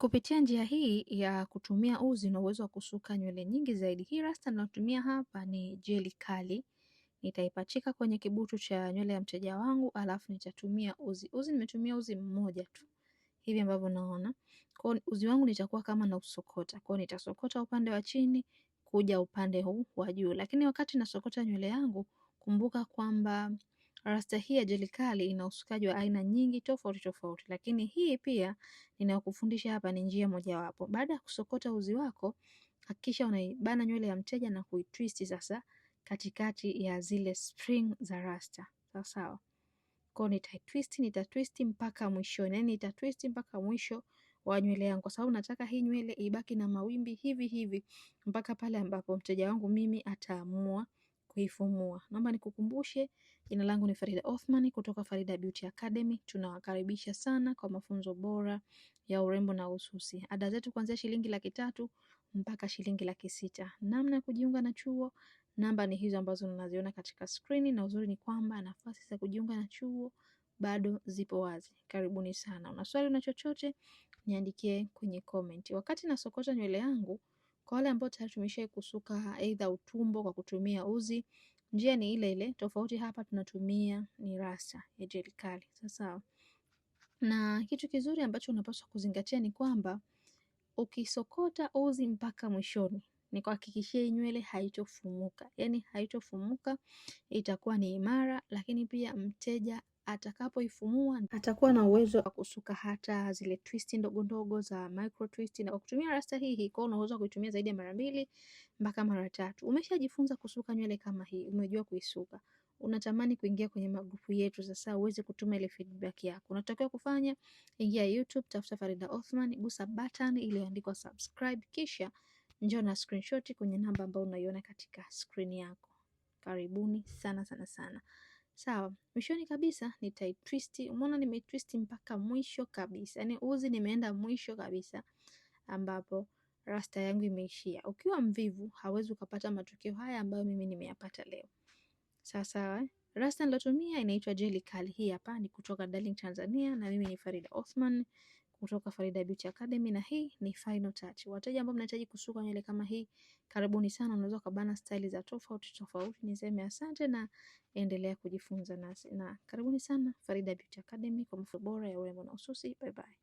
Kupitia njia hii ya kutumia uzi na uwezo wa kusuka nywele nyingi zaidi. Hii rasta ninayotumia hapa ni jeli kali, nitaipachika kwenye kibutu cha nywele ya mteja wangu alafu nitatumia uzi. Uzi nimetumia uzi mmoja tu hivi ambavyo naona, kwa uzi wangu nitakuwa kama na usokota, kwa nitasokota upande wa chini kuja upande huu wa juu. Lakini wakati nasokota nywele yangu kumbuka kwamba Rasta hii ya jeli kali ina usukaji wa aina nyingi tofauti tofauti, lakini hii pia ninayokufundisha hapa ni njia mojawapo. Baada ya kusokota uzi wako, hakikisha unaibana nywele ya mteja na kuitwist sasa katikati ya zile spring za rasta, sawa sawa. Kwa nita nitatwist mpaka mwisho, yani nitatwist mpaka mwisho wa nywele yangu, kwa sababu nataka hii nywele ibaki na mawimbi hivi hivi mpaka pale ambapo mteja wangu mimi ataamua kuifumua. Naomba nikukumbushe, jina langu ni Farida Othman kutoka Farida Beauty Academy. Tunawakaribisha sana kwa mafunzo bora ya urembo na ususi. Ada zetu kuanzia shilingi laki tatu mpaka shilingi laki sita. Namna ya kujiunga na chuo, namba ni hizo ambazo unaziona katika skrini, na uzuri ni kwamba nafasi za kujiunga na chuo bado zipo wazi. Karibuni sana. Una swali na chochote niandikie kwenye comment. Wakati nasokota nywele yangu kwa wale ambao tayari tumeshai kusuka aidha utumbo kwa kutumia uzi, njia ni ile ile, tofauti hapa tunatumia ni rasta ya jeli kali. Sasa Na kitu kizuri ambacho unapaswa kuzingatia ni kwamba ukisokota uzi mpaka mwishoni ni kuhakikishia nywele haitofumuka, yaani haitofumuka itakuwa ni imara, lakini pia mteja atakapoifumua atakuwa na uwezo wa kusuka hata zile twist ndogo ndogo za micro twist, na kwa kutumia rasta hii hii, uwezo wa kuitumia zaidi ya mara mbili mpaka mara tatu. Umeshajifunza kusuka nywele kama hii, umejua kuisuka unatamani kuingia kwenye magrupu yetu sasa, uweze kutuma ile feedback yako. Unatakiwa kufanya, ingia YouTube, tafuta Farida Othman, gusa button iliyoandikwa subscribe, kisha njoo na screenshot kwenye namba ambayo unaiona katika screen yako. Karibuni sana sana sana. Sawa, mwishoni kabisa nitaitwist. Umeona nimetwist mpaka mwisho kabisa, yani uzi nimeenda mwisho kabisa ambapo rasta yangu imeishia. Ukiwa mvivu hawezi ukapata matokeo haya ambayo mimi nimeyapata leo. Sawa sawa. Eh? Rasta nilotumia inaitwa Jelly Curl, hii hapa ni kutoka Darling Tanzania na mimi ni Farida Othman kutoka Farida Beauty Academy na hii ni final touch. Wateja ambao mnahitaji kusuka nywele kama hii, karibuni sana, unaweza kubana style za tofauti tofauti. Niseme asante na endelea kujifunza nasi. Na karibuni sana Farida Beauty Academy kwa mafunzo bora ya urembo na ususi. Bye bye.